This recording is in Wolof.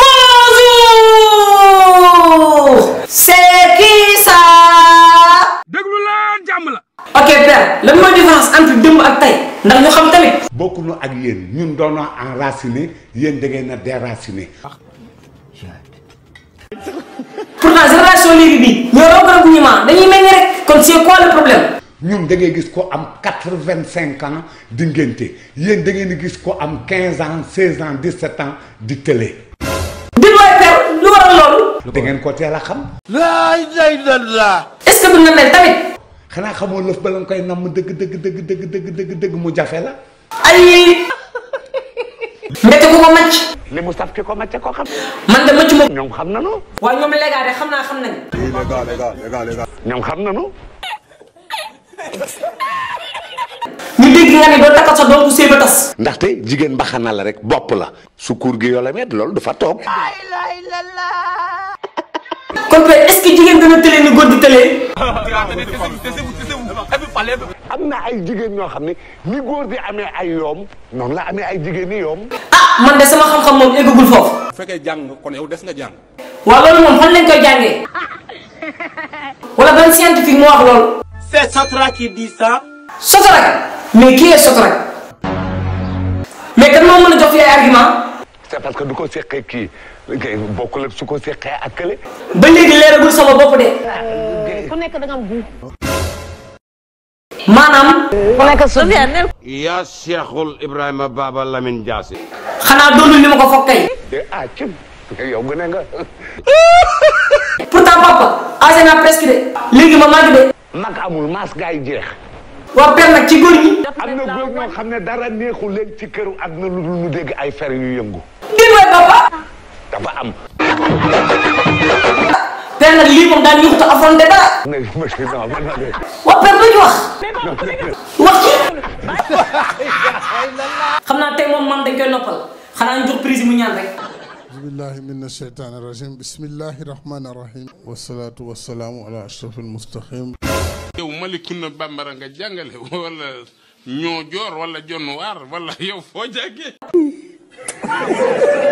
bonjour c'est qui ça. ok père la différence entre ak nous ndax ñu xam tamit. nous nous enraciné déraciné. pourtant génération léegi nous ñoo c'est quoi le problème. Nous avons ngay ans Nous Nous avons da ans 16 ans 17 ans de télé. looy per lu waral loolu. da ngeen ko teel xam. laa ilaaha illallaah. est-ce na mel tamit. xanaa xamoo lëf bala nga koy nam dëgg dëgg dëgg dëgg dëgg dëgg dëgg mu jafe la. ay. mbete ku ko màcc. li mu saf ki ko màcce ko xam. man de màcc ñoom xam nañu. waaye ñoom légaale xam naa xam nañu. ñoom xam nañu. ñu dégg nga ne doo sa doom bu séeba tas. ndaxte jigéen mbaxana la rek bopp la su kuur gi yoola met loolu du fa toog. kon tey est-ce que jigéen dana tëlee ni góor di tëlee. am na ay jigéen ñoo xam ne ni góor di amee ay yoom noonu la amee ay jigéen yi yoom. ah man de sama xam-xam moom eggagul foofu. bu fekkee jàng kon yow des nga jàng. waaw loolu moom fan lañ koy jàngee. wala ban scientifique moo wax loolu. c'est Sotrac qui dit ça. Sotrac mais qui est Sotrac. say argument. c'est parce que du ko seqee kii bokkul su ko seqee ak kële. ba léegi leeragul sama bopp de. ku nekk da nga am gu. maanaam. ku nekk suuf yaa Cheikhul Ibrahima Baba Lamine Diassi. xanaa doonul li ma ko foog tey. ah cim yow gën a nga. pourtant naa presque de. léegi ma màgg de. mag amul maas gaay jeex. waa père nag ci góor ñi. am na góor ñoo xam ne dara neexu leen ci këru àdduna lu dul ñu dégg ay fer yu yëngu. dimbali dafa. dafa am. père nag lii moom daal ñu ko affronté dara. wa père lu ñu wax. wax ci. xam naa tey moom man dañ koy noppal xanaa ñu jox prise mu ñaan rek. bismillahi min asheytaani rajim bismillahi rahmani rahim wasalaatu wasalaamu ala ashrafil mustaqim yow malikuna bambara nga jàngale wala Yo yo, yo no yo, yo yo yo, yo,